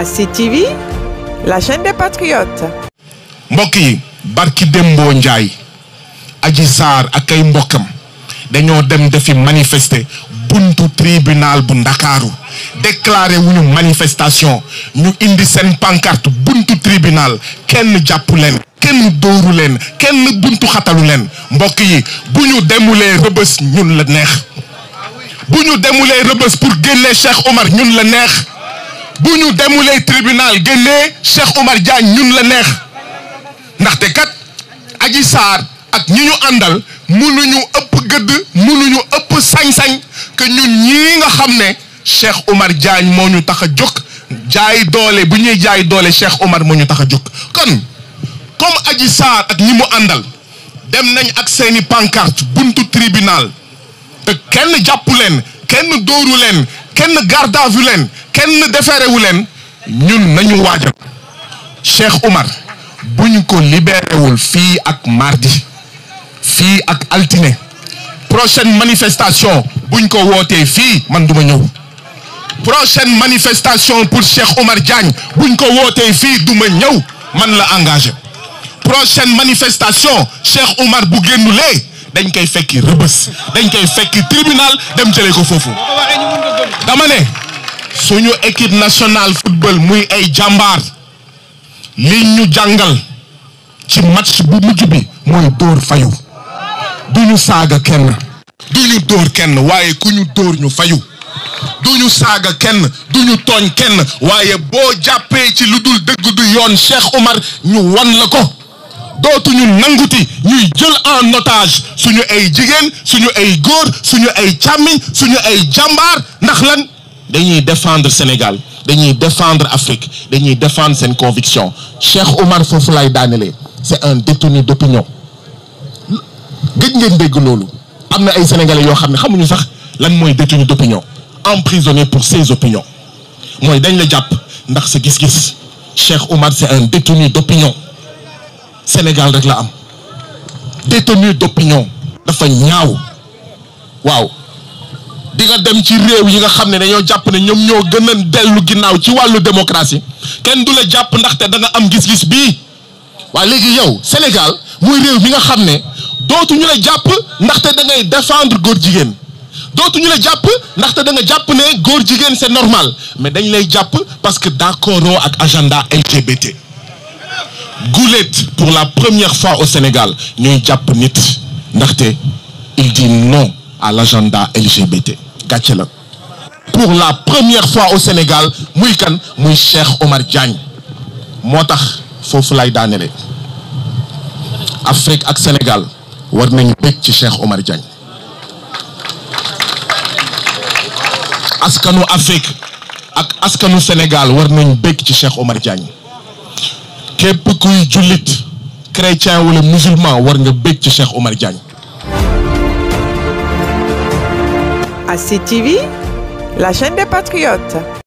à la chaîne mbokk yi barki Dembo Ndiaye Adji Sarr ak ay mbokkam dañoo dem defi manifester buntu tribunal bu Ndakaaru déclaré wuñu manifestation ñu indi seen pancarte buntu tribunal kenn jàppu leen kenn dóoru kenn buntu xatalu leen mbokk yi bu ñu demulee rëbës ñun la neex bu ñu demulee rëbës pour génnee Cheikh Omar ñun la neex bu ñu demulee tribunal génnee Cheikh Omar Diagne ñun la neex ndaxte kat aji saar ak ñi ñu àndal ñu ëpp gëdd ñu ëpp sañ-sañ que ñun ñii nga xam ne Cheikh Omar Diagne moo ñu tax a jóg jaay doole bu ñuy jaay doole Cheikh Omar moo ñu tax a jóg kon comme aji Sarr ak ñi mu àndal dem nañ ak seeni pancarte buntu tribunal te kenn jàppu leen kenn dóoru leen kenn garde leen kenn deferewu leen ñun nañu waajal Cheikh Oumar buñ ko libéréwul fii ak mardi fii ak altine prochaine manifestation buñ ko wootee fii man duma ñëw prochaine manifestation pour Cheikh Oumar Diagne buñ ko wootee fii duma ñëw man la engage prochaine manifestation Cheikh Oumar bu génnulee dañ koy fekki rëbës dañ koy fekki tribunal dem jële ko foofu dama ne suñu équipe nationale football muy ay jàmbaar li ñu jàngal ci match bu mujj bi mooy dóor fayu du saaga kenn du ñu dóor kenn waaye ku dóor ñu fayu du saaga kenn duñu tooñ kenn waaye boo jàppee ci lu dul dëgg du yoon Cheikh Omar ñu wan la ko dootuñu nanguti ñuy jël en otage suñu ay jigéen suñu ay góor suñu ay càmmiñ suñu ay jàmbaar ndax lan dañuy défendre Sénégal dañuy défendre Afrique dañuy défendre seen conviction Cheikh Omar foofu lay daanelee c'est un détenu d'opinion gëj ngeen dégg loolu am na ay sénégalais yoo xam ne xamuñu sax lan mooy détenu d'opinion emprisonné pour ses opinions mooy dañ la jàpp ndax sa gis-gis Cheikh Omar c'est un détenu d'opinion Sénégal rek la am détenu d'opinion dafa ñaaw waaw di nga dem ci réew yi nga xam ne dañoo jàpp ne ñoom ñoo gën a dellu ginnaaw ci wàllu démocratie kenn du la jàpp ndaxte da nga am gis-gis bii waaye léegi yow Sénégal muy réew mi nga xam ne dootuñu la jàpp ndaxte da ngay défendre góor jigéen dootuñu la jàpp ndaxte da jàpp ne góor jigéen c'est normal mais dañ lay jàpp parce que d'accordoo ak agenda LGBT Goulette pour la première fois au Sénégal ñooy jàpp nit ndaxte il dit non à l'agenda LGBT gàcce la pour la première fois au Sénégal muy kan muy Cheikh Omar Diagne moo tax foofu lay daanele Afrique ak Sénégal war nañu bég ci Cheikh Omar Diagne askanu Afrique ak askanu Sénégal war nañu bég ci Cheikh Omar Diagne képp kuy jullit chrétien wala musulman war nga bég ci Cheikh Omar Diagne à CTV, la chaîne des patriotes.